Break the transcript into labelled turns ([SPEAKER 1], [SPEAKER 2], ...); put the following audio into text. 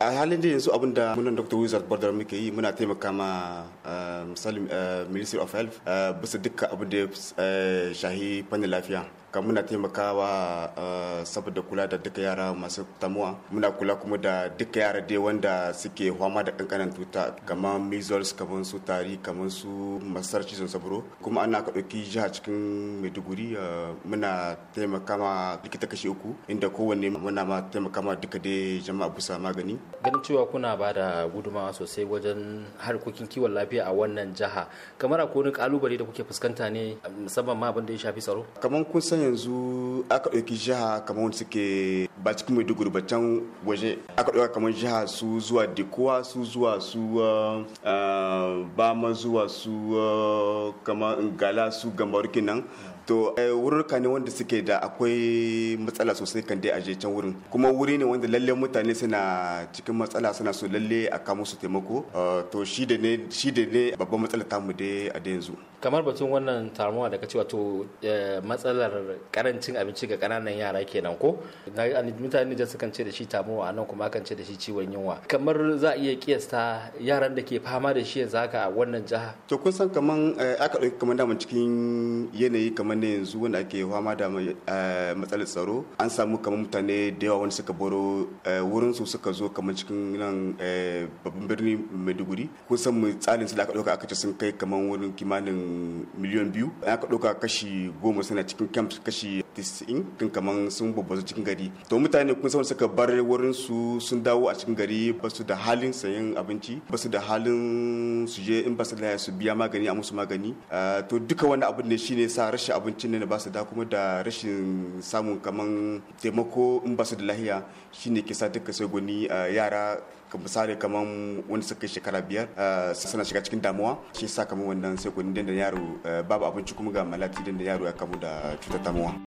[SPEAKER 1] a halin da yanzu abin da munan dr wizard border muke yi muna taimaka ma eh, misali eh, ministry of health eh, bisa dukkan abin da shahi fannin lafiya ka muna taimakawa uh, saboda kula da duka yara masu tamuwa muna kula kuma da duka yara dai wanda suke fama da kankanan tuta kamar measles kamar su tari kamar su masar cizon saburo kuma ana ka ɗauki jiha cikin maiduguri uh, muna taimaka ma likita kashi uku inda kowanne muna ma taimaka ma duka dai jama'a busa magani
[SPEAKER 2] ganin cewa kuna ba da gudumawa sosai wajen harkokin kiwon lafiya a wannan jiha kamar akwai wani kalubale da kuke fuskanta ne musamman ma abin da ya shafi tsaro
[SPEAKER 1] kamar kun san yanzu aka ɗauki jiha kamar wanda suke ba cikin maiduguri ba can waje aka ɗauka kamar jiha su zuwa dikowa su zuwa su ah, ah, ma zuwa su ah, kama gala su gambar kenan to eh, wurarka ne wanda suke da akwai matsala sosai kan dai aje can wurin kuma wuri ne wanda lalle mutane suna cikin matsala suna so lalle a kamo su taimako to shi da ne da babban matsala tamu dai a da yanzu
[SPEAKER 2] kamar batun wannan tamuwa da ce wato eh, matsalar karancin abinci ga kananan yara kenan ko mutane da sukan ce da shi tamowa a nan kuma kan ce da shi ciwon yunwa kamar za a iya kiyasta yaran da ke fama da shi yanzu haka a wannan jiha to kun san
[SPEAKER 1] kaman eh, aka ɗauki kaman daman cikin yanayi kaman ne yanzu wanda ake fama da eh, matsalar tsaro an samu kamar mutane da yawa wanda suka boro eh, wurin su suka zo kaman cikin nan babban birni maiduguri kun san tsalin su da aka ɗauka aka ce sun kai kamar wurin kimanin miliyan biyu aka ɗauka kashi goma suna cikin camps 것이 90 tun kaman sun babbazu cikin gari to mutane kun san suka bar wurin su sun dawo a cikin gari ba su da halin sayan abinci ba su da halin su je in ba su da su biya magani a musu magani ah, to duka wani abin ne shine sa rashin abincin ne ba su da kuma da rashin samun kaman taimako in ba su da lahiya shine ke sa duka sai gwani ah, yara misali kamar wani suka shekara biyar ah, suna shiga cikin damuwa shi sa kamar wannan sai kun da yaro babu abinci kuma ga malati da yaro ya kamu da cutar damuwa